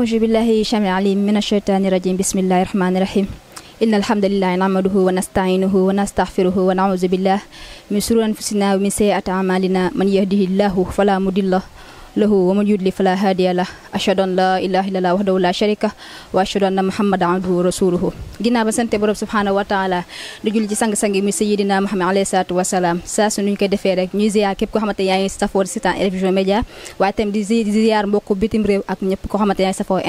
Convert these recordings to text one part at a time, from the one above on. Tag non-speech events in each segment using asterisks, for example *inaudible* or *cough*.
أعوذ بالله الشامع العليم من الشيطان الرجيم بسم الله الرحمن الرحيم إن الحمد لله نعمده ونستعينه ونستغفره ونعوذ بالله من شرور أنفسنا ومن سيئات أعمالنا من يهده الله فلا مضل له له ومن يضلل فلا هادي له أشهد أن لا إله إلا الله وحده لا شريك له وأشهد أن محمدا عبده ورسوله ginnaaw ba sante borom subhanahu wa taala di julli ci sang-sang mi sayidina Muhammad alayhi salaatu wasalaam saa su ñu koy defee rek ñuy ziar képp koo xamante yaa ngi safoo sitaan Elvision Média waaye tam di ziar mbokku bitim réew ak ñëpp koo xamante yaa ngi safoo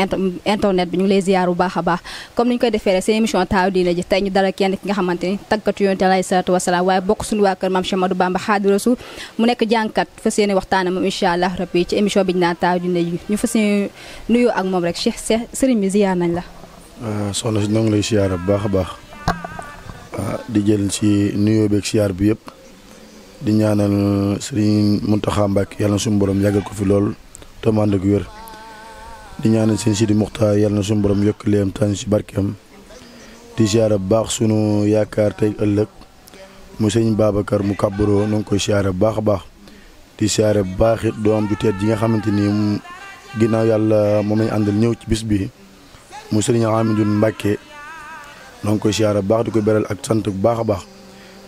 internet bi ñu ngi lay ziar bu baax a baax comme ni ñu koy defee rek seen émission taaw diina ji tey ñu dara kenn ki nga xamante ni tàggatu yonte alayhi salaatu wasalaam waaye bokk suñu waa kër maam Cheikh Ahmadou Bamba Xaadimu Rasuul mu nekk jàngkat fa seeni waxtaana moom incha allah rabbi ci émission bi ñu naan taaw junne yi ñu fas nuyu ak moom rek Cheikh Cheikh sëriñ bi ziar nañ la. Ah, soxna si ñoo ngi lay siyaara bu baax a baax ah, di jël si nuyoo beeg siyaar bi yëpp di ñaanal sëriñ Mountakha yàlla suñu borom yàggal fi lool te mu ànd di ñaanal sëriñ Sidi Muxtaar yàlla na suñu borom yokk leem tànn si barkeem di siyaara bu baax sunu yaakaar tey ëllëg mu sëñ Babacar mu kàbbaroo na nga koy siyaara bu baax a baax. di siyaare bu baax it doom ju teet ji nga xamante ni ginnaaw yàlla moom lañ àndal ñëw ci bis bi mu sëriñ Amidou Mbacke noo ngi koy siyaare baax di ko beral ak sant bu baax a baax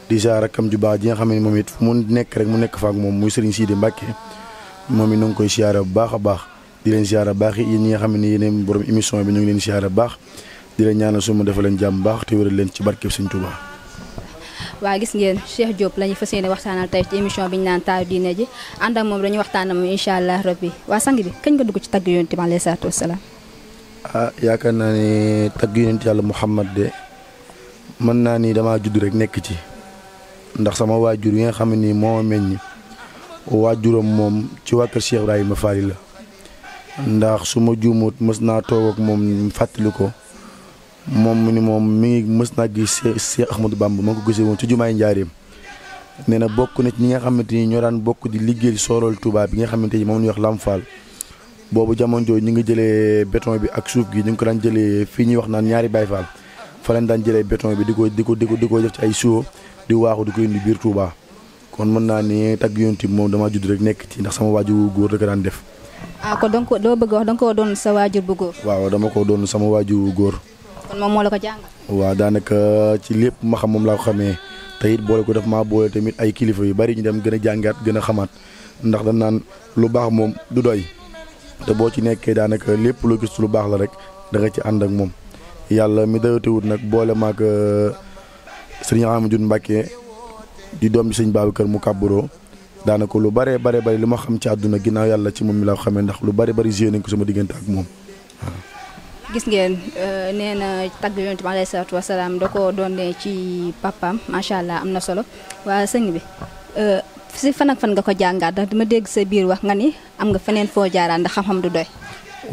di siyaare rakkam ju baax ji nga xam ne moom it mu nekk rek mu nekk fa ak moom muy sëriñ Sidi Mbacke moom it noo ngi koy siyaare bu baax a baax di leen siyaare baax yi ñi nga xam ne yéen borom émission bi ñu ngi leen siyaare baax di leen ñaanal suma defal leen jàmm baax te wéral leen ci barkeb Sëriñ Tuubaa waa gis ngeen Cheikh Diop la ñu fas yéene waxtaanal tey ci émission bi ñu naan taaru diine ji ànd ak moom dañuy waxtaanal moom incha allah rabbi waa sang bi kañ nga dugg ci tagg yonent bi alayhi salaatu wasalaam. ah yaakaar naa ne tagg yonent yàlla Muhammad de mën naa ni damaa judd rek nekk ci ndax sama waajur yi nga xam ni moo meññ waajuram moom ci waa kër Cheikh Ibrahima Fall la ndax su ma juumut mës naa toog ak moom fàttali ko. mom mu ni mi ngi mës naa Cheikh Ahmadou Bamba mako gisse won ci jumaay ndiarim neena bokku nit ñi nga xamanteni daan bokku di liggéey sorol Touba bi nga xamanteni mom ñu wax Lamfal bobu jamon joy ñi nga jëlé béton bi ak souf gi ñu ko daan jëlé fi ñi wax naan ñaari Baye Fall fa lañ daan jëlé béton bi diko diko diko diko def ci ay suuf di waxu diko indi bir Touba kon mën na ni tag yonti mom dama judd rek nek ci ndax sama waju goor rek daan def. ah ko donc do bëgg wax da nga sa bu goor waaw dama ko doon sama waju goor kon moom waaw daanaka ci lépp ma xam moom laa ko xamee te it boole ko daf maa boole tamit ay kilifa yu bari ñu dem gën jàngaat gën a xamaat ndax dañ naan lu baax moom du doy te boo ci nekkee daanaka lépp loo gis lu baax la rek da ci ànd ak moom yàlla mi dayatewut nag boole maag euh, sëriñ Amadou Mbacke di doom bi sëñ kër mu kàbburoo daanaka lu bare bare bari li ma xam ci àdduna ginnaaw yàlla ci moom mi laa ko xamee ndax lu bare bari gérer ko sama diggante ak moom gis ngeen euh, nee na tagg yonent bi alayhi salaatu da ko doonee ci papaam macha allah am na solo waaye sëñ bi euh, si fan ak fan nga ko jàngaat ndax dama dégg sa biir wax nga ni am nga feneen foo jaaraan ndax du doy.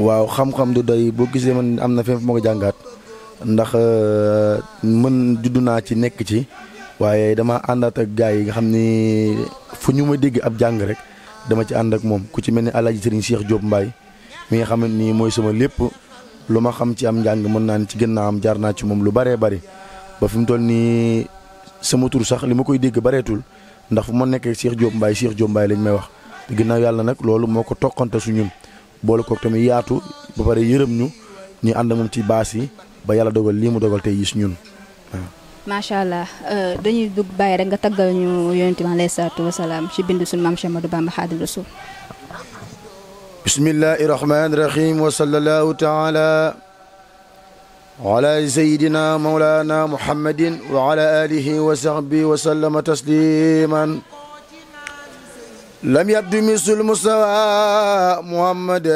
waaw xam du doy boo gisee man am na feneen fu jàngaat ndax euh, man juddu naa ci nekk ci waaye dama àndaat ak gars yi nga xam ni fu ñu ma dégg ab jàng rek dama ci ànd ak moom ku ci mel ni El Hadj Serigne Cheikh mbaay Mbaye mi nga xam ni mooy sama lépp. lu ma xam ci am njàng mën naa ne ci ginnaawam jaar naa ci moom lu baree bari ba fi mu toll nii sama tur sax li ma koy dégg bareetul ndax fu ma nekk Cheikh Diop Mbaye Cheikh Diop Mbaye lañ may wax te ginnaaw yàlla nag loolu moo ko toqante su ñun boole ko tamit yaatu ba pare yërëm ñu ñu ànd moom ci baas yi ba yàlla dogal lii mu dogal tey gis ñun waaw. macha allah euh, dañuy dugg bàyyi rek nga taggal ñu yonent bi alayhi salaatu wasalaam ci bind suñu maam Cheikh Ahmadou Bamba بسم الله الرحمن الرحيم وصلى الله تعالى على سيدنا مولانا محمد وعلى آله وصحبه وسلم تسليما لم يبدو مثل المستوى محمد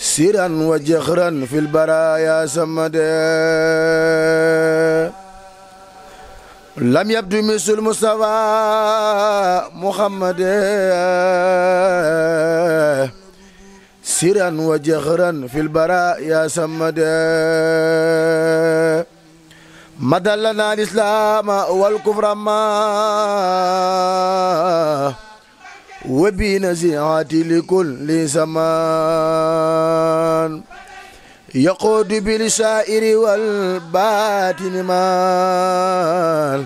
سرا وجخرا في البرايا سمدا لم يبدو مثل مصطفى محمد سرا وجهرا في البراء يا سمد مدلنا الإسلام والكفر ما وبنزيعات لكل زمان يقود بالسائر والباطن مال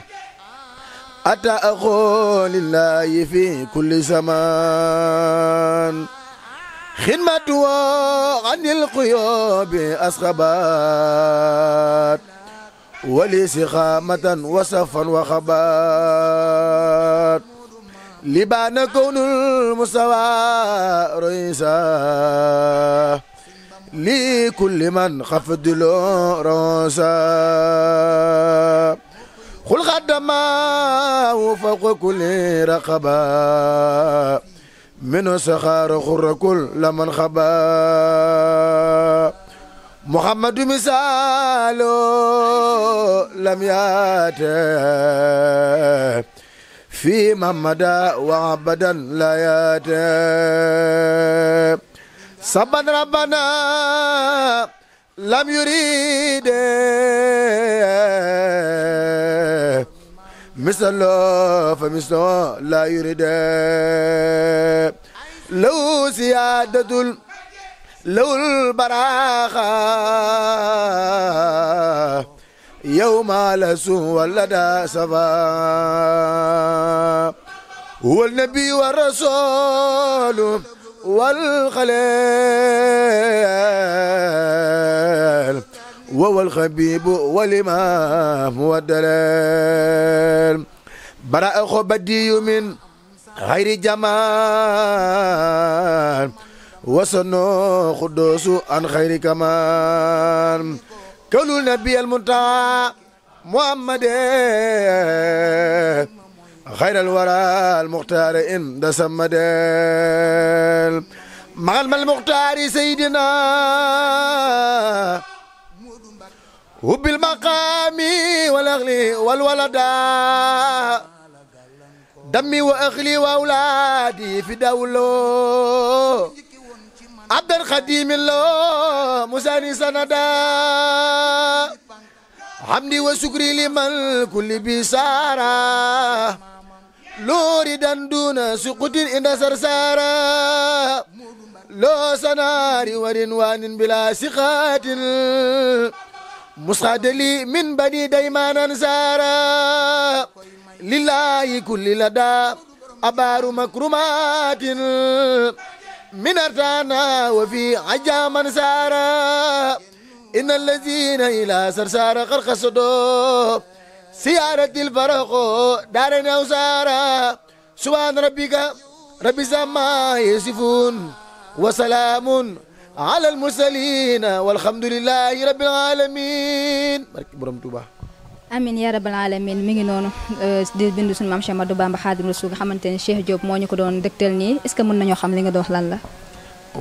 أتى أقول لله في كل زمان خدمة عن القيوب أصخبات ولي سخامة وصفا وخبات لبان كون المستوى رئيسا لكل من خفض له راسا خل خدما فوق كل رقبة من سخار خر كل من خبا محمد مثاله لم يات في محمد وعبدا لا يات سبحان ربنا لم يريد مثل الله فمثل لا يريد لو سيادة لو البراخة يوم لسو ولد سبا هو النبي والرسول والخليل وهو الخبيب والإمام والدليل براء خبدي من غير جمال وسنو خدوس عن خير كمان كل النبي المنتهى محمد غير الورى المختار إن دسم دل المختار سيدنا وبالمقام والأغلي والولداء دمي وأغلي وأولادي في دولو عبد الخديم الله مساني سندا حمدي وشكري لمن كل بسارة لوردا دون سقوط إن سرسارا لو سنار ورنوان بلا سخات مسخد لي من بني ديمان أنسارا لله كل لدى أبار مكرمات من أرتانا وفي عجام أنسارا إن الذين إلى سرسارا قرقصدوا سيارة الفرق دارنا وسارة سبحان ربك رب السماء يصفون وسلام على المرسلين والحمد لله رب العالمين borom Tuuba amin yaa rabbal alamin mi ngi noonu eh, di bindu suñu maam Cheikh Ahmadou Bamba Xaadimu Rasuul nga xamante ne Cheikh Diop moo ñu ko doon dëgtal nii est-ce que mën nañoo xam li nga doon wax lan la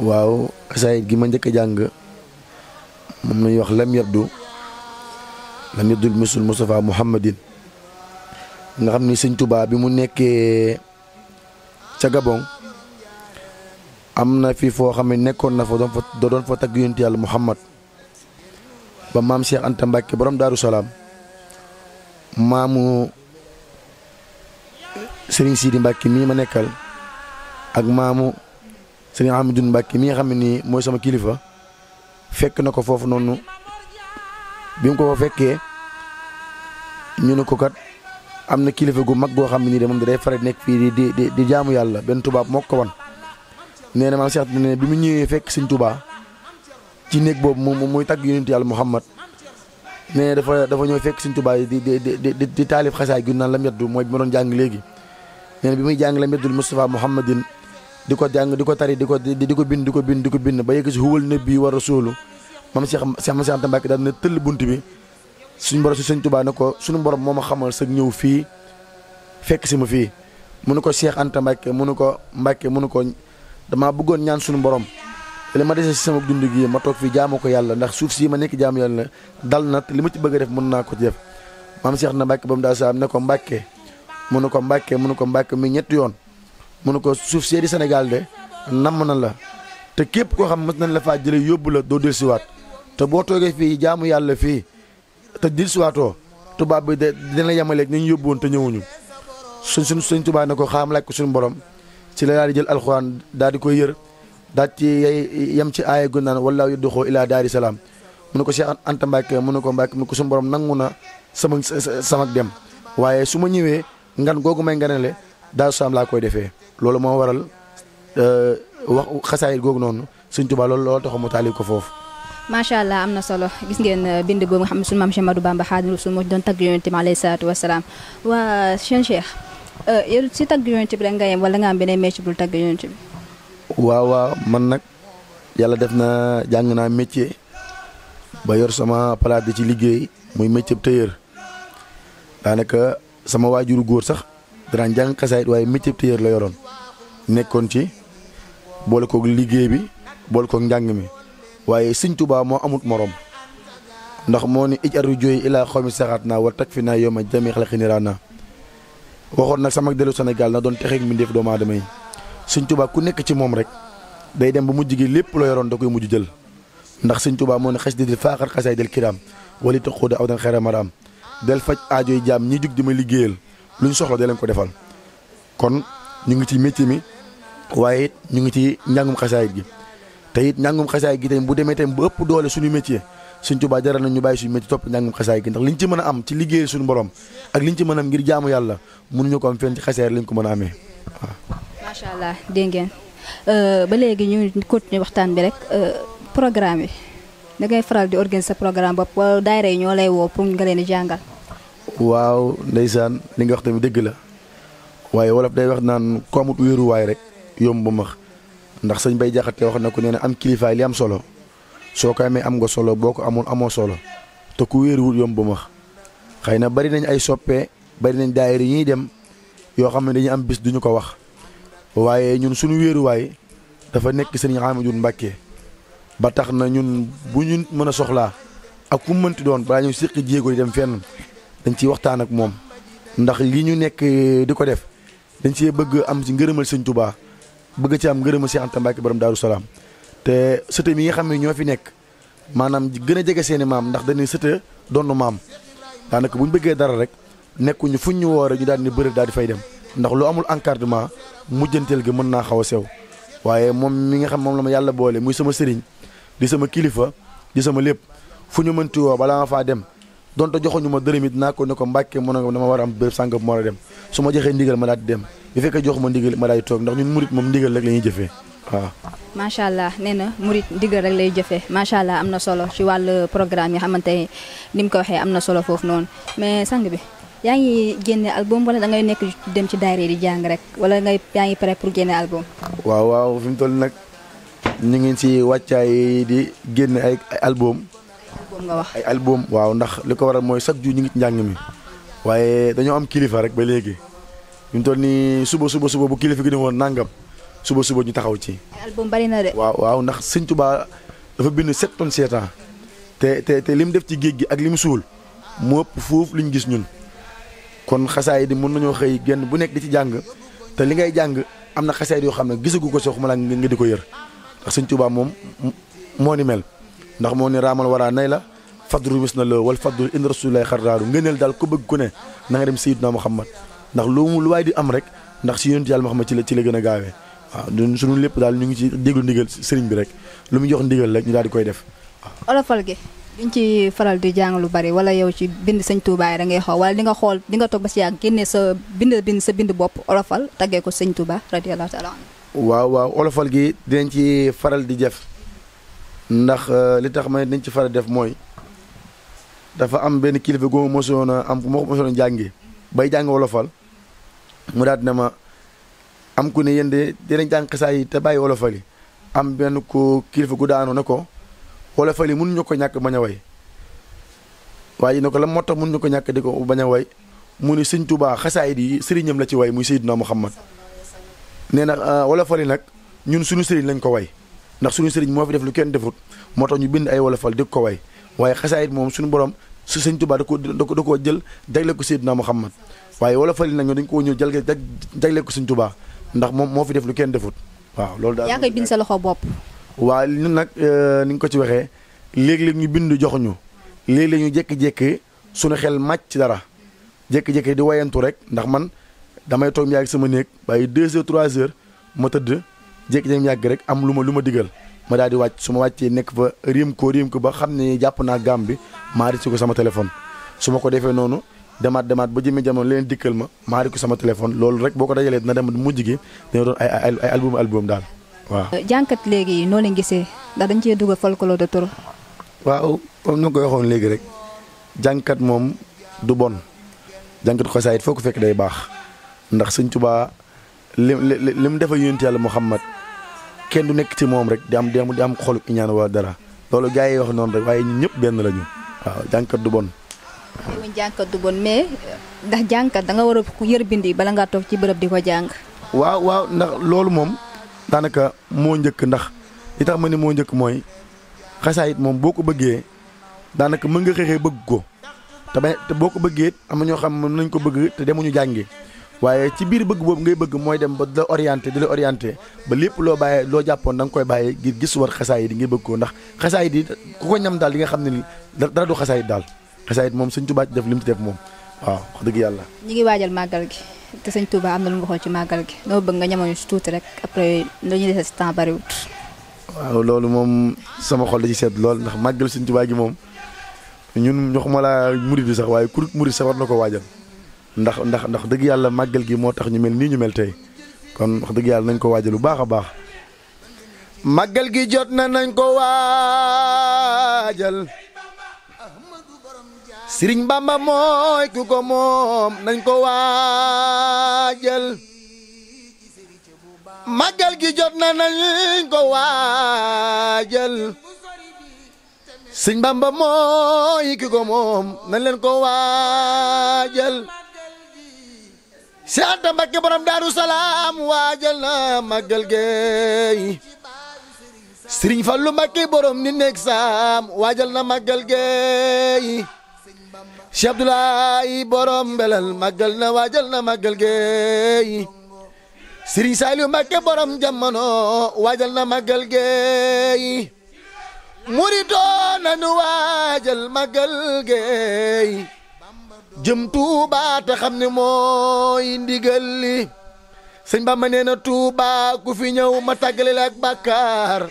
waaw xasaayit gi ma njëkk a jàng moom nañu wax lam yabdu lam yabdul misul Moustapha Mouhamadin nga xam ni sëñ Touba bi mu nekkee ca Gabon am na fi foo xam ne nekkoon na fa doon fa doon fa tagg yonent yàlla Muhammad ba maam Cheikh Anta Mbacke borom Daaru Salaam maamu Serigne Sidi Mbacke mii ma nekkal ak maamu Serigne Amidou Mbacke mii nga xam ne nii mooy sama kilifa fekk na ko foofu noonu bi mu ko fekkee ñu ne ko kat am na kilifa gu mag goo xam ne nii de moom da day faral nekk fii di di di jaamu yàlla benn tubaab moo ko wan. nee na maam Cheikh ne bi mu ñëwee fekk sëñ tubaa ci néeg boobu moom muy tagg yonent yàlla Muhammad nee na dafa dafa ñëw fekk sëñ Tuubaa di di di di di taalif xasaay gi la lam yaddu mooy bi ma doon jàng léegi. nee na bi muy jàng lam yaddul Moustapha Muhammadin di ko jàng di ko tari di ko di di ko bind di ko bind di ko bind ba yegg si huwal nabi wa rasulu maam Cheikh Cheikh Anta Mbacke daal na tëll bunt bi. suñu borom si sëñ Tuubaa ne ko suñu borom moo ma xamal sa ñëw fii fekk si ma fii mu ne ko Cheikh Anta Mbacke mu ne ko Mbacke mu ne ko damaa bëggoon ñaan suñu borom li ma dese sama dund gi ma toog fii jaamoo ko yàlla ndax suuf sii ma nekk jaamu yàlla dal na li ma ci bëgg a def mën naa ko def maam Cheikh na Mbacke ba mu daal saa am ne ko Mbacke mu ne ko Mbacke mu ne ko Mbacke mi ñetti yoon mu ne ko suuf see di Sénégal de namm na la te képp koo xam mës nañ la faa jëlee yóbbu la doo dellusiwaat te boo jaamu yàlla fii te dil siwaatoo tubaab bi de dina yemaleeg ni ñu yóbbu woon te ñëwuñu suñ suñ suñ tubaab ne ko xaam laaj ko suñu borom ci la daal di jël alxuraan daal di koy yër daal ci yem ci aaya gu naan wallaahu yudduxoo ilaa daari salaam mu ne ko Cheikh Anta Mbacke mun ne ko Mbacke mu ne ko suñu borom nangu na sama sama dem waaye su ma ñëwee ngan googu may le daal su laa koy defee loolu moo waral euh, wax xasaayit googu noonu suñ tubaab loolu loolu taxaw mu taali ko foofu. macha allah am na solo gis ngeen uh, bind boobu nga xam ne suñu maam Cheikh Ahmadou Bamba Xaadimu Rasuul moo ci doon tagg yonent bi alayhi waa seen Cheikh uh, yow si tagg yonent am beneen métier bul tagg yonent waaw man nag yàlla def na jàng naa métier ba yor sama palaat bi ci liggéey muy métier tailleur daanaka sama waajuru góor sax danaan jàng xasaayit waaye métier tailleur la yoroon nekkoon ci boole koog liggéey bi boole koog njàng mi. waaye sëñ Tuubaa moo amut moroom ndax moo ni ij aru jooy ilaa xaw mi saxaat naa war tag fi naa yoma jami xalaqi niraana waxoon nag sama dellu Sénégal na doon texeeg mbindeef doomu aadama yi sëñ Tuubaa ku nekk ci moom rek day dem bu mujj gi lépp loo yoroon da koy mujj jël ndax sëñ Tuubaa moo ne xes di di faaxar xasaay del kiraam wali taxuuda aw dan xeera maraam del faj aajoy jaam ñi jug di ma liggéeyal lu ñu soxla da ko defal kon ñu ngi ci métier mi waaye ñu ngi ci njàngum xasaayit gi te it njàngum xasaay gi tamit bu demee tamit bu ëpp doole suñu métier suñ tubaa jaral na ñu bàyyi suñu métier topp njàngum xasaay gi ndax liñ ci mën a am ci liggéey suñu borom ak liñ ci mën a ngir jaamu yàlla mënuñu ko am fenn ci xasaay lañ allah dégg euh, ba léegi ñu continuer waxtaan bi rek euh, programme bi da ngay faral di sa programme bopp wala daayira yi ñoo lay woo pour nga leen di jàngal. waaw ndeysaan li nga wax tamit dëgg la waaye wolof day wax naan ku amut wéeruwaay rek yomb ba max ndax señ bay jaxate wax na ko neena am kilifa li am solo so kay me am nga solo boko amon amul amo solo te ku wéeruwul yomb max xayna bari nañ ay soppé bari nañ daayira ñi dem yo xamne dañu am bis duñu ko wax waye ñun suñu way dafa nek señ amadou mbacké ba tax na ñun bu ñu mën a ak ku mënti doon ba ñu sikki jéego dem fenn dañ ci waxtaan ak mom ndax li ñu nek diko def dañ ci bëgg am ci ngeureumal señ Touba bëgg ci am ngërëmu Cheikh Anta Mbacke borom Daaru te sëtë mi nga xam ne ñoo fi nekk maanaam gën a jege seen i maam ndax dañuy sëtë doonu maam daanaka bu ñu bëggee dara rek nekkuñu fu ñu woore ñu daal ni bërëb daal di fay dem ndax lu amul encadrement mujjanteel gi mën naa xaw a sew waaye moom mi nga xam moom la ma yàlla boole muy sama sëriñ di sama kilifa di sama lépp fu ñu mënti woo balaa nga faa dem donte joxuñu ma dërëm it naa ko ne ko mbàkke mën nga dama war a am béréb sàngam moo war a dem su ma joxee ndigal ma daal di dem bu fekkee joxu ma ndigal ma daal di toog ndax ñun murit moom macha allah nee na murit ndigal rek lay jëfee macha allah am na solo ci wàllu programme yi xamante ni mu ko waxee am na solo foofu noonu mais sang bi yaa ngi génne album wala da ngay nekk dem ci daayira di jàng rek wala ngay yaa ngi pare pour génne album. waaw waaw fi mu toll nag ñu ngi ci wàccaay di génne ay album album nga wax. ay album waaw ndax li ko waral mooy chaque jour ñu ngi ci njàng mi waaye dañoo am kilifa rek ba léegi ñu toll nii suba suba suba bu kilifa gi ne woon nàngam suba suba ñu taxaw ci. album bari na waaw waaw ndax Sëñ Tuubaa dafa bind sept tonnes sept te te te li mu def ci géej gi ak li mu suul mu ëpp foofu li ñu gis ñun kon xasaay di mën nañoo xëy genn bu nekk di ci jàng te li ngay jàng am na xasaay yoo xam ne gisagu ko soo xuma la nga di ko yër ndax Sëñ Tuubaa moom moo ni mel. ndax moo ne raamal waraa nay la fadru mis na la wal fadru in rasulillahi xardaaru ngëneel daal ko bëgg ku ne na nga dem sayyidna Muhammad ndax lu mu lu waay di am rek ndax si yonent yàlla Muhammad ci la ci la gën a gaawee waaw lépp daal ñu ngi ci déglu ndigal sëriñ bi rek lu mu jox ndigal rek ñu daal koy def waaw. olofal gi duñ ci faral di jàng lu bari wala yow ci bind sëñ Touba da ngay xool wala di nga xool di nga ba si yàgg génne sa bind bind sa bind bopp olofal taggee ko sëñ Touba radiyallahu taala waaw waaw olofal gi dinañ ci faral di jëf ndax euh, li tax ma dañ ci fara def mooy dafa am benn kilifa gu ma mosoon a am ma mosoon a bay jàng wolofal mu daat ne ma am ku ne yéen de dinañ jàng xisaa te bàyyi wolofal yi am benn ku kilifa gu daanu ne ko wolofal yi mënuñu ko ñàkk bañ a way waaye ne la moo tax mënuñu ko ñàkk di ko bañ a way mu ni sëñ Tuubaa xasaay di sëriñam la ci way muy Seydina Muhammad nee na euh, wolofal yi nag ñun suñu sëriñ lañ ko way ndax suñu sëriñ moo fi def lu kenn defut moo tax ñu bind ay wolofal di ko way waaye xasaayit moom suñu borom su sëñ Tuubaa da ko da koo jël jagle ko Seydina Muhammad waaye wolofal yi nag dañ koo ñëw jël jagle ko sëñ Tuubaa ndax moom moo fi def lu kenn defut waaw loolu daal yaa koy bind sa loxo bopp waaw ñun nag euh, ni nga ko ci waxee léegi léeg ñu bind jox ñu léeg-léeg ñu jékki-jékki suñu xel màcc ci dara jékki-jékki di wayantu rek ndax man damay toog yaag sama néeg waaye deux heures trois heures ma tëdd jékki jëm yàgg rek am lu ma lu ma digal ma daal di wàcc su ma wàccee nekk fa riim koo riim ko ba xam ne jàpp naa gàmm bi maa di si ko sama téléphone su ma ko defee noonu demaat demaat ba jëmee jamono leen dikkal ma maa di ko sama téléphone loolu rek boo ko dajalee na dem mujj gi dina doon ay ay ay album album daal waaw. Euh, jànkat léegi noo leen gisee ndax dañ cee dugal folklore de trop. waaw comme ni nga ko waxoon léegi rek jànkat moom du bon jànkat xosaayit foo ko fekk day baax ndax Sëñ Tuubaa li li li mu defal yonent yàlla Muhammad kenn du nekk ci moom rek di am di am di xolu iñaan wala dara loolu gars yi wax noonu rek waaye ñun ñëpp benn la ñu waaw jànkat du bon. mu jànkat du bon mais ndax jànkat danga war a yër bind yi bala ngaa toog ci bërëb di ko jàng. waaw waaw ndax loolu moom daanaka moo njëkk ndax li tax ma ne moo njëkk mooy xasaa xasaayit moom boo ko bëggee daanaka mën nga xëxee bëgg ko te te boo ko bëggee am ñoo xam mën nañ ko bëgg te demuñu jànge waaye ci biir bëgg boobu ngay bëgg mooy dem ba di la orienté di la orienté ba lépp loo bàyyee loo jàppoon da koy bàyyee ngir gis war xasaayid yi ngay bëgg ko ndax xasaayid yi ku ko ñam daal di nga xam ne ni dara du xasaayid daal xasaayid moom sëñ Tuubaa def li mu def moom waaw wax dëgg yàlla ñi ngi waajal màggal gi te sëñ Tuubaa am na lu nga xool ci màggal gi dama bëgg nga ñamoon si tuuti rek après lu ñu dese si bariwut waaw loolu moom sama xol da ci seet lool ndax màggal sëñ Tuubaa gi moom ñun ñoxuma laa murid sax waaye kurut murid sax war na ko waajal ndax ndax ndax dëgg yàlla màggal gi moo tax ñu mel nii ñu mel tey kon wax dëgg yàlla nañ ko waajal lu baax a baax màggal gi jot na nañ ko waajal sëriñ bamba mooy ku ko moom nañ ko waajal màggal gi jot na nañ ko waajal sëriñ bamba mooy ku ko moom nañ leen ko waajal si anta mbakke borom daaru waajal na màggal geey sëriñ fallu mbakke borom ni nekk saam waajal na màggal geey si abdulaay borom mbelal màggal na waajal na màggal geey sëriñ saaliyu mbakke borom jamono waajal na màggal geey muritoo nanu waajal màggal geey jëm Touba te xam ne mooy ndigal li sëñ Bamba nee na Touba ku fi ñëw ma tàggale la ak bàkkaar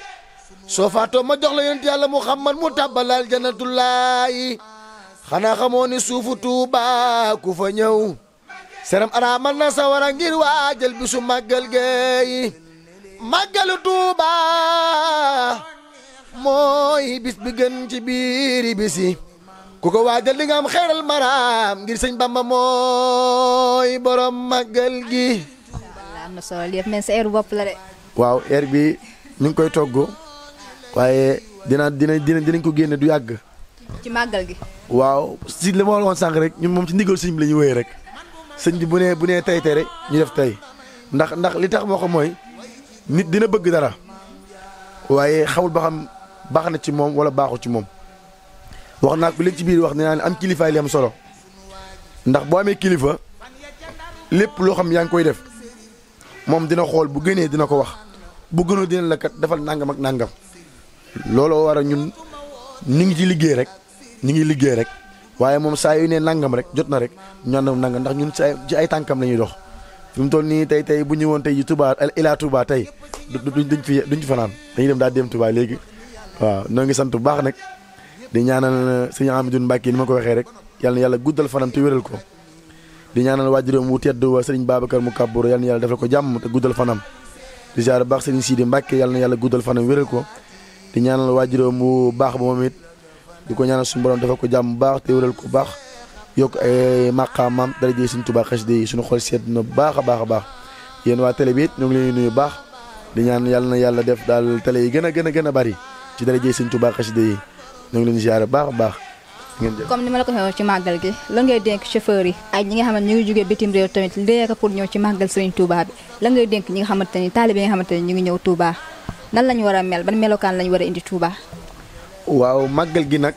soo faatoo ma jox la yonent yàlla Muhammad mu tàbbalaal jannatullaahi xanaa xamoo ni suufu Touba ku fa ñëw seram araamal na sawara ngir waajal bisu màggal geeyi màggalu Touba mooy bis bi gën ci biiri bisi ku ko waa waajal li nga am xeeral maraam ngir sëñ Bamba mooy borom màggal gi. am na solo yëpp mais sa air bopp waaw air bi ñu ngi koy togg waaye dina dina dina dinañ ko génne du yàgg. ci màggal gi. waaw si li ma woon sànq rek ñun moom ci ndigal sëñ bi la ñu wéyee rek sëñ bi bu nee bu nee tey rek ñu def tey ndax ndax li tax moo ko mooy nit dina bëgg dara waaye xamul ba xam baax na ci moom wala baaxul ci moom. wax naa ko léegi ci biir wax nee naa ne am kilifaay li am solo ndax boo amee kilifa lépp loo xam yaa ngi koy def moom dina xool bu gënee dina ko wax bu gënoo dina lakkat defal nangam ak nangam looloo war a ñun ñu ngi ci liggéey rek ñu ngi liggéey rek waaye moom saa yu ne nangam rek jot na rek ñu àndam nangam ndax ñun ci ay tànkam la ñuy dox fi mu toll nii tey tey bu ñu woon tey ji Touba ilaa Touba tey duñ duñ fi duñ fi fanaan dañuy dem daal dem Touba léegi waaw ñoo ngi sant bu nag. di ñaanal sëñ Amadou Mbacke ni ma ko waxee rek yal na yàlla guddal fanam te wéral ko di ñaanal waajuram wu tedd wa sëriñ Babacar mu kàbboor yal na yàlla defal ko jàmm te guddal fanam di ziar baax sëriñ Sidi Mbacke yal na yàlla guddal fanam wéral ko di ñaanal waajuram wu baax ba moom it di ko ñaanal suñu borom defal ko jàmm baax te wéral ko baax yokk ay maqaamam darajee suñ Tuubaa xasida yi suñu xool sedd na baax a baax a baax yéen waa télé bi it ñu ngi leen baax di ñaan yàlla na yàlla def daal télé yi gën a gën a gën a bari ci darajee suñ Tuubaa xasida yi ñu ngi leen baax a baax. comme ni ma la ko waxee ci màggal gi lan ngay dénk chauffeur yi ak ñi nga xam ne ñu ngi jógee bitim réew tamit léegi pour ñëw ci màggal Serigne Touba bi lan ngay dénk ñi nga xamante ni taalibe yi nga xamante ni ñu ngi ñëw Touba nan lañu war a mel ban melokaan lañu war a indi Touba. waaw màggal gi nag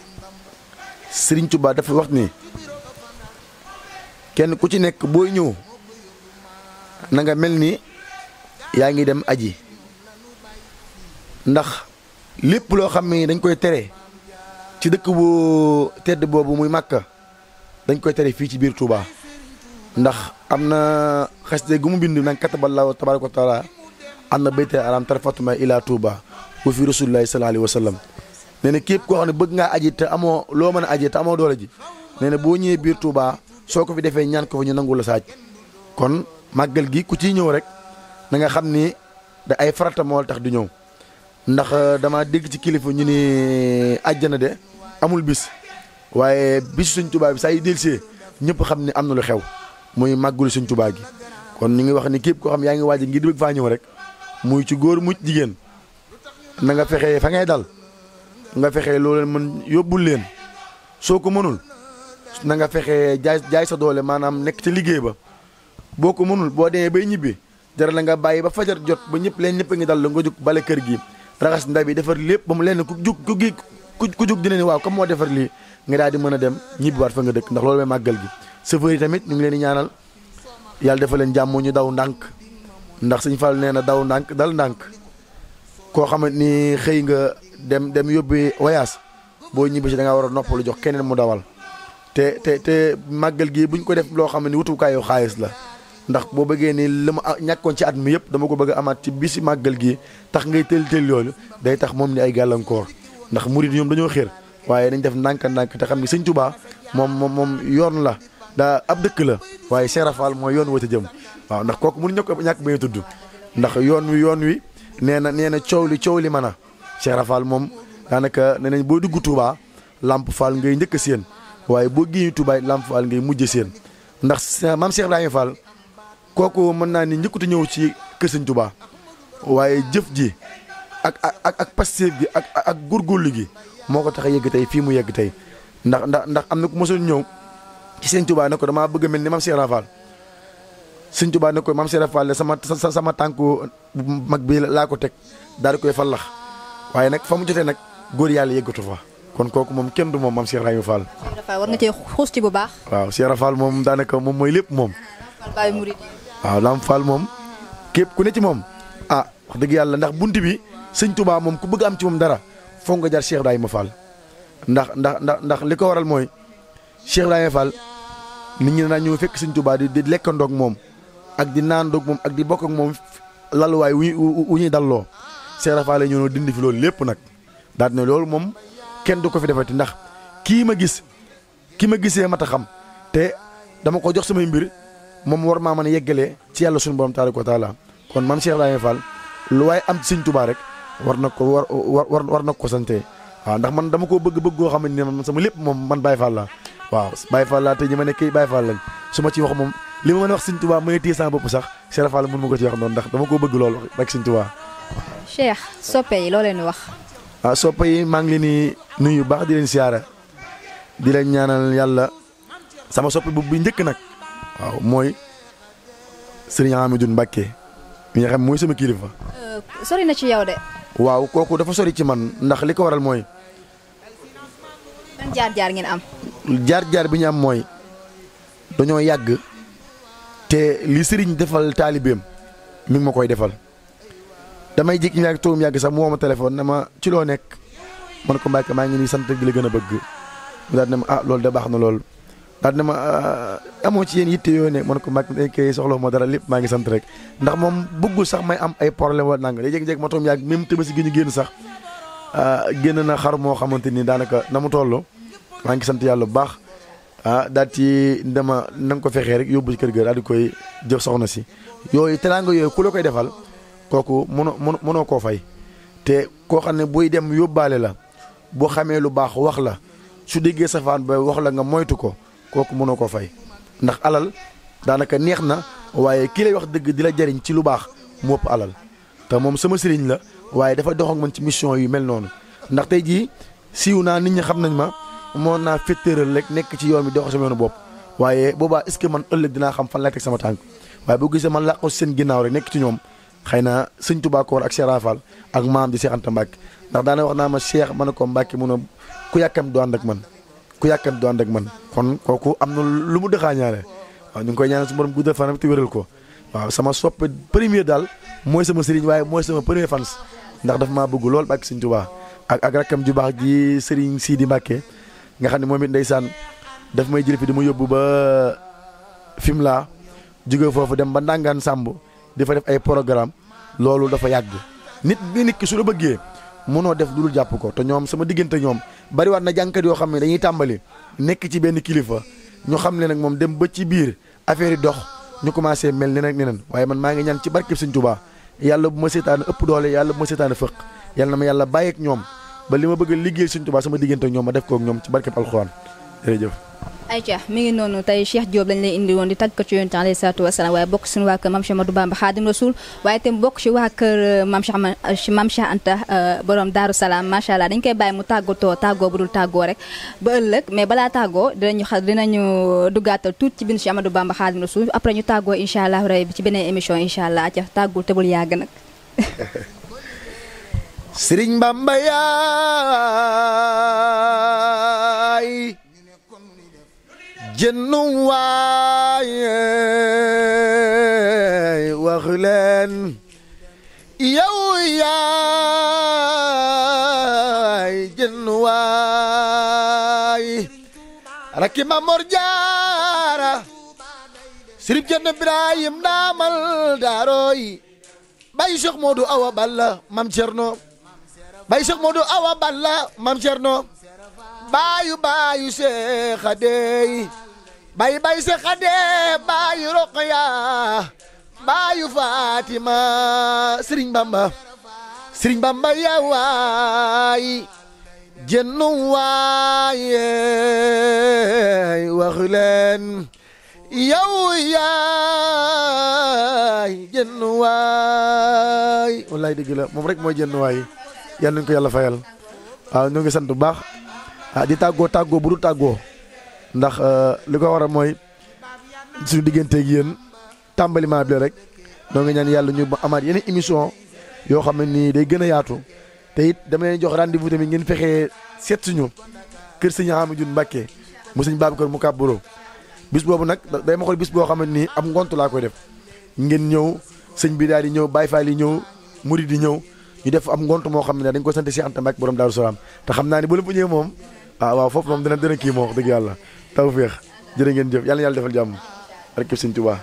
Serigne Touba dafa wax ni kenn ku ci nekk booy ñëw na nga mel ni yaa ngi dem aji ndax lépp loo xam ne dañ koy tere. ci dëkk bu tedd boobu muy Màkka dañ koy tere fii ci biir Touba ndax am na xaside gu mu bind nag kataballahu tabaraka wa taala am na bayte ila Touba wa fi rasulillahi sallallahu alayhi wa sallam nee na képp koo xam ne bëgg ngaa aji te amoo loo mën a aji te amoo doole ji nee na boo ñëwee biir Touba soo ko fi defee ñaan ko fa ñu nangu saaj kon màggal gi ku ciy ñëw rek na nga xam ni da ay farata moo tax du ñëw ndax euh, dama deg ci kilifa ñu ni aljana de amul bis waye bis sëñ touba bi say delsé ñepp xamni amna lu xew muy magul sëñ touba gi kon ñi ngi wax ni kep ko xam waji ngi waaj fa ñew rek muy ci goor mu jigen na nga fexé fa ngay dal nga fexé loo leen mën yóbbul leen soko mënul na nga fexé jaay jaay sa doole manam nek ci liggéey ba boko mënul bo déé bay ñibbi dara la nga bayyi ba fajar jot ba ñepp leen ñepp ngi dal la nga juk bale kër gi raxas ndab yi defar lépp ba mu lenn ku jug ku gi ku jug dina ni waaw comme moo defar lii nga daal di mën a dem ñibbiwaat fa nga dëkk ndax loolu mooy màggal gi chauffeur yi tamit ñu ngi leen di ñaanal yàlla defal leen jàmm ñu daw ndànk ndax suñ fal nee na daw ndànk dal ndànk koo xam ni xëy nga dem dem yóbbi voyage boo ñibbi ci da ngaa war a noppalu jox keneen mu dawal te te te màggal gi buñ ko def loo xam ne wutukaayu xaalis la ndax bo beugé ni li ñakkon ci at mi yëpp dama ko bëgg a amaat ci bisi magal gi tax ngay tel tel loolu day tax mom ni ay galankor ndax mourid ñom dañoo xër waye dañ def nank nank te xam ni sëñ touba mom mom mom yoon la da ab dekk la waye Cheikh Rafal mo yoon wa jëm waaw ndax koku mënu ñëkk ñak bay tuddu ndax yoon wi yoon wi neena neena ciowli ciowli mana a Cheikh Rafal mom danaka nee bo dugg Touba Lamp fal ngay njëkk seen waye bo génn Touba Lamp fal ngay mujj seen ndax mam Cheikh ibrahim Fall kooku mën naa ni njëkkute ñëw ci kër Sëñ Tuubaa waaye jëf ji ak ak ak pastéef bi ak ak góorgóorlu gi moo ko tax a yegg tey fii mu yegg tey ndax ndax ndax am na ku mosoon ñëw ci Sëñ Tuubaa ne ko damaa bëgg a mel ni maam Cheikh Rafal Sëñ Tuubaa ne ko maam Cheikh Rafal sama sama tànku mag bi laa ko teg daal di koy fallax waaye nag fa mu jotee nag góor yàlla yeggatu kon kooku moom kenn moom maam Cheikh Rayou Fall. waaw war nga cee xuus ci bu baax. waaw Cheikh Rafal moom daanaka moom mooy lépp moom. waaw Lamp Fall moom képp ku ne ci moom ah wax dëgg yàlla ndax bunt bi sëñ Touba moom ku bëgg am ci moom dara foog nga jaar Cheikh Ibrahima Fall ndax ndax ndax ndax li ko waral mooy Cheikh Ibrahima Fall nit ñi daan ñëw fekk sëñ Touba di di lekkandoog moom ak di naandoog moom ak di bokkak ak moom laluwaay wu wu ñuy dalloo Cheikh Ibrahima Fall ñëw dindi fi loolu lépp nag daal loolu moom kenn du ko fi defati ndax kii ma gis kii ma gisee mat a xam te dama ko jox samay mbir. mom war ma man a ci yalla sun borom taala ko taala kon man Cheikh Ibrahima Fall lu way am seigne touba rek war na war war war na ko sante wa ndax man dama ko beug beug go xamni man sama lepp mom man Baye Fall la wa Baye Fall la te ñima ma Baye Fall la suma ci wax mom li man wax seigne touba may téye sama bopp sax Cheikh Fall mënu ma ko ci wax non ndax dama beug lool wax rek seigne touba Cheikh soppe yi leen wax. ah soppe ma ngi ni di nuyu bax di leen siyaara di leen ñaanal yalla sama soppe bu njëkk nak waaw mooy sëriñ Amidou Mbacke mi nga xam mooy sama kilifa. Euh, sori na ci yow de. waaw kooku dafa sori ci man ndax li ko waral mooy. ban jaar jaar jaar bi ñu am mooy dañoo yàgg te li sëriñ defal taalibeem mi ngi ma koy defal damay jékki ñaari tuum yàgg sax mu woo ma téléphone ne ma ci loo nekk man ko Mbacke maa ngi nii sant di la gën a bëgg mu daal ne ah loolu de baax na lool. daal ne ma euh, amoo ci yéen yitte yoo ne man ko mag ay eh, kay soxla moo dara lépp maa ngi sant rek ndax moom bëggul sax may am ay problème wala nanga day jékki-jékki ma toom yàgg même tëbasi gi ñu génn euh, génn na xar moo xamante ni daanaka na mu toll maa ngi sant yàlla bu baax ah daal ci dama na nga ko fexee rek yóbbu ci kër ga daal di koy jox soxna si yooyu te teraanga yooyu ku la koy defal kooku mënoo mënoo koo fay te koo xam ne buy dem yóbbaale la boo xamee lu baax wax la su déggee safaan ba wax la nga moytu ko kooku mënoo ko fay ndax alal daanaka neex na waaye kii lay wax dëgg di la jariñ ci lu baax mu ëpp alal te moom sama sëriñ la waaye dafa dox ak man ci mission yu mel noonu ndax tey jii siiw naa nit ñi xam nañ ma moo naa féttéeral rek nekk ci yoon bi dox sama yoonu bopp waaye boobaa est man ëllëg dinaa xam fan lay teg sama tànk waaye boo gisee man laa ko seen ginnaaw rek nekk ci ñoom xëy na sëñ Tuubaa ak Cheikh Rafal ak maam di Cheikh Anta ndax daana wax naa ma Cheikh ma ne ko Mbacke mun a ku yàkkam du ànd man ku yakkan do and ak man kon koku amna lu mu dëxaañaale wa ñu koy ñaan su borom guddal fanam ti ko wa sama soppe premier dal, moy sama serigne waye moy sama premier fans ndax daf ma bëgg lool bàkk serigne touba ak ak rakam ju bax ji serigne Sidi Mbàkke nga xamni momit ndaysan daf may jël fi di ma yóbbu ba Fimela jóge dem ba Ndangaan sambu difa def ay programme lolou dafa yagg nit bi nit ki su la bëggee mënoo def lu dul jàpp ko te ñoom sama diggante ñoom bariwaat na jànkat yoo xam ne dañuy tàmbali nekk ci benn kilifa ñu xam ne nag moom dem ba ci biir affaire yi dox ñu commencé mel neneen ak neneen waaye man maa ngi ñan ci barkeb Sëñ Tuubaa yàlla bu ma seetaan ëpp doole yàlla bu ma seetaan fëq yàlla na ma yàlla bàyyi ak ñoom ba li ma bëgg a liggéey Sëñ Tuubaa sama diggante ñoom ma def kook ñoom ci barkeb alxuraan jërëjëf ayca mi ngi noonu tey Cheikh Diop lañ lay indi di tàggat ci yonent alayhi salaatu wasalaam waaye bokk suñu waa kër maam Cheikh Ahmadou Bamba Xaadim Rasul waaye itam bokk ci waa kër euh, maam Cheikh euh, maam Cheikh Anta euh, borom Daaru Salaam macha allah dañ koy bàyyi mu tàggatoo tàggoo bu dul tàggoo rek ba ci bind Cheikh Ahmadou Bamba Xaadim Rasul ñu tàggoo incha ci beneen émission incha allah ayca tàggul te bul yàgg nag. *laughs* yaay. jënn waaye eh, wax leen yow yaay jënn waay rakki ma jaara sirib jënn Ibrahim daamal daarooy bay Cheikh Modou Awa Balla mam Cerno bay Cheikh Modou Awa Balla mam Cerno baayu baayu Cheikh Adey bay bay se khade baayu roqya baayu fatima sering bamba sering bamba ya wai, jennu waaye wax leen ya yaay jënnu waay wallaay dëgg la moom rek moy jennu waay yalla nko yalla fayal waaw ñu ngi sant bu baax di tago tago bu ndax euh, li ko wara moy suñu digganteeg yéen tàmbali maa bi rek do nga ñaan yalla ñu amaat yeneen émission yo xam ne day gëna yaatu té it dama lay jox rendez-vous tamit ngeen fexé sét suñu kër sëñ amadou mbacké mu sëñ babakar mu bis bobu nak day ma xol bis bo xam ne am ngontu la koy def ngeen ñew señ bi daal di ñëw Baye Fall yi ñew Murid di ñëw ñu def am ngontu mo xam dañ ko sante si antamak borom daru salam te xamna ni bu la ñew mom moom ah waaw foofu dina dina ki mo wax deug yalla tawféex jërë ngeen jëf yàlla yàlla defal jàmm rek Sëñ Tuubaa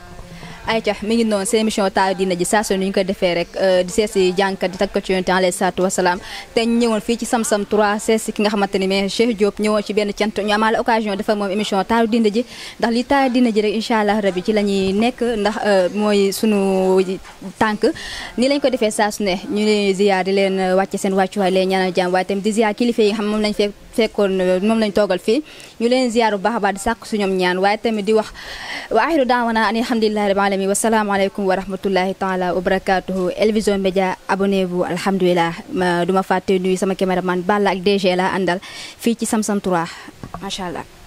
ayca mi ngi noonu seen émission taaru diine ji saa su ñu ko defee rek euh, di seet si jànkat di takk ci yonent alayhi salaatu wasalaam te ñu fii ci Sam-Sam 3 seet ki nga xamante ni mais Cheikh Diop ñëwoon ci benn cant ñu amaale occasion defal moom émission taaru diine ji ndax li taaru diine ji rek incha allah rabi ci la ñuy nekk ndax euh, mooy sunu tànk ko defee saa ne ñu leen ziyaar euh, leen wàcce seen wàccuwaay leen ñaanal jàmm waaye tamit di ziyaar kilifa xam moom lañ fekk fekkoon moom lañ toogal fii ñu leen ziyaar bu baax a baax di sàkk su ñoom ñaan waaye tamit di wax wa axiru daawana an alhamdulilahi rabbil alamin wasalaamaaleykum wa rahmatullahi taala wa barakatuhu Elvision Média abonné bu alhamdulilah duma fàtte nuyu sama caméraman Balla ak DG la àndal fii ci Samsam 3 macha allah